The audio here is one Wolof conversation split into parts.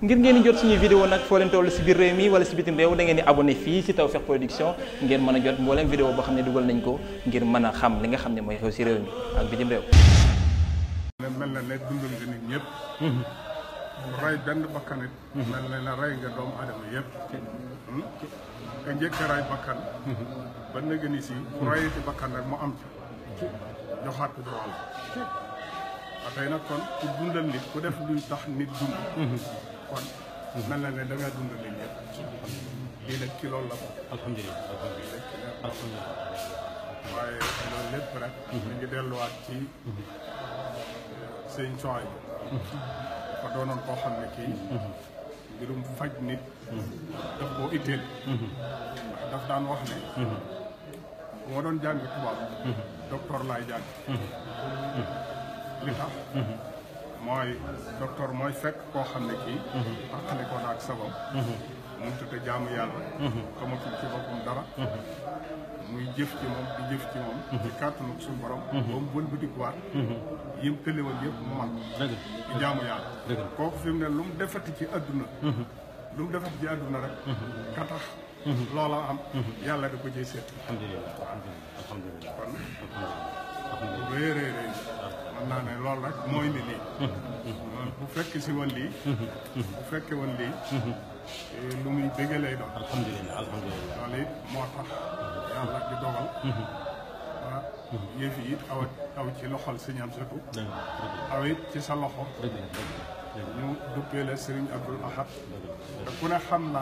ngir ngeen di jot suñuy vidéo nag foo leen si biir réew mi wala si bitim réew da ngeen di abonné fii si Tawfekh Production ngeen mën a jot mbooleem vidéo boo xam ne dugal nañ ko ngir mën a xam li nga xam ne mooy xew si réew na ne dundal ñëpp bu mhm. rey benn bakkanit mhm. mel na ne rey nga doomu aadama yëpp hmm? nga njëkk a rey bakkan mhm. ba nga ni si bu reyati bakkan rek mu am ci joxaat ko droit la tey nag kon ku dundal nit ku def luy tax nit dund kon mel na ne da dund li ñëpp lii ci loolu la ko waaye loolu lépp rek mhm. ñu ngi delluwaat ci seen coy bi dafa doonoon koo xam ne kii mhm. mbirum faj nit mhm. daf koo itteel daf daan wax ne bu doon jàng tubaab docteur laay jàng li mooy docteur mooy fekk koo xam ne kii. àqali ko naag sabab. mu tudd jaamu yàlla. xamatul ci boppam dara. muy jëf ci moom di jëf ci moom. ci kàttanu suñu borom. ba mu wëlbatikuwaat. yim tële woon jaamu yàlla. dëgg kooku fi mu ne lu mu defati ci àdduna. lu mu defati ci àdduna rek. ka tax. am. yàlla da ko jëy seet. alhamdulilah alhamdulilah kon. bu rëy rëy rëy man naa ne loolu rek moo indi lii si woon lii bu woon lii lu muy dëgg lay doon alhamdulilah alhamdulilah ah, aw aw ci loxol siñam ci sa loxo ñu duppee la Sëriñ Abdul Ahad te ku ne xam na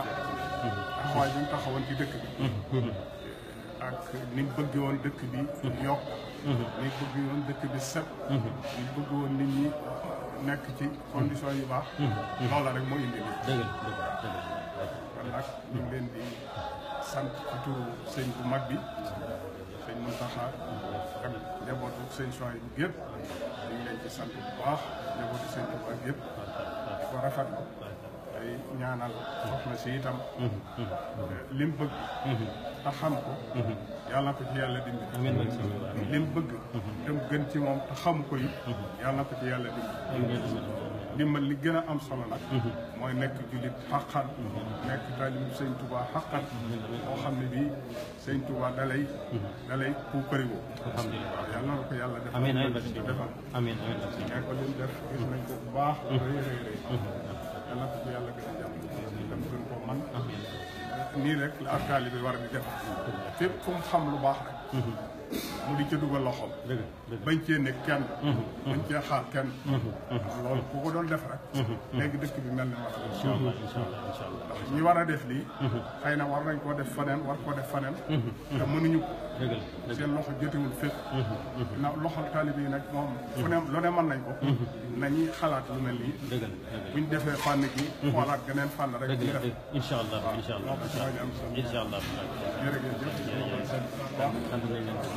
taxawaay bi ñu taxawoon dëkk bi ak ni ñu woon dëkk bi yokk mhm. ni ñu dëkk bi set mhm. ni ñu nit ñi nekk ci condition yu baax mhm. loola rek moo indi lii dëgg kon nag ñu ngi leen di sant ci turu sëñ bu mag bi sëñ Moustapha ak njabootu sëñ soy bu gépp ñu ngi leen ci sant bu baax njabootu sëñ bu baax gépp di ko rafetlu ay ñaanal soxna si itam mm-hmm. Mm-hmm. Eh, lim bëgg mm-hmm. te xam ko yàlla ko ci yàlla dimbali lim bëgg te gën ci moom te xam ko yi yàlla ko ci yàlla dimbali ndimbal li gën a am solo nag mooy nekk jullit xaqan nekk taalibu sëñ Touba xaqan boo xam ne bii sëñ Touba dalay dalay pou këriwoo yàlla na ko yàlla defal amiin amiin amiin amiin amiin amiin amiin amiin amiin amiin amiin amiin amiin yàlla na ko fi yàlla gën a jàmm dem gën koo man nii rek la ab taalibe war a di def fépp fu mu xam lu baax rek mhm. mu di ca dugal loxoom. dëgg bañ cee nekk kenn. Mm-hmm. Mm-hmm. bañ cee xaar kenn. Mm-hmm. loolu ku ko doon def rek. léegi dëkk bi mel ni ma la. incha allah incha war a def lii. xay na war nañ koo def faneen war koo def faneen. te mënuñu ko. dëgg la seen loxo jotewul fépp. na loxol taalibe yi nag moom. fu ne lu ne mën nañ ko. nañuy xalaat lu mel nii. dëgg la dëgg buñ defee fànn gi. xoolaat geneen fànn rek. dëgg la dëgg incha allah incha allah incha allah incha allah. jërëjëf jërëjëf.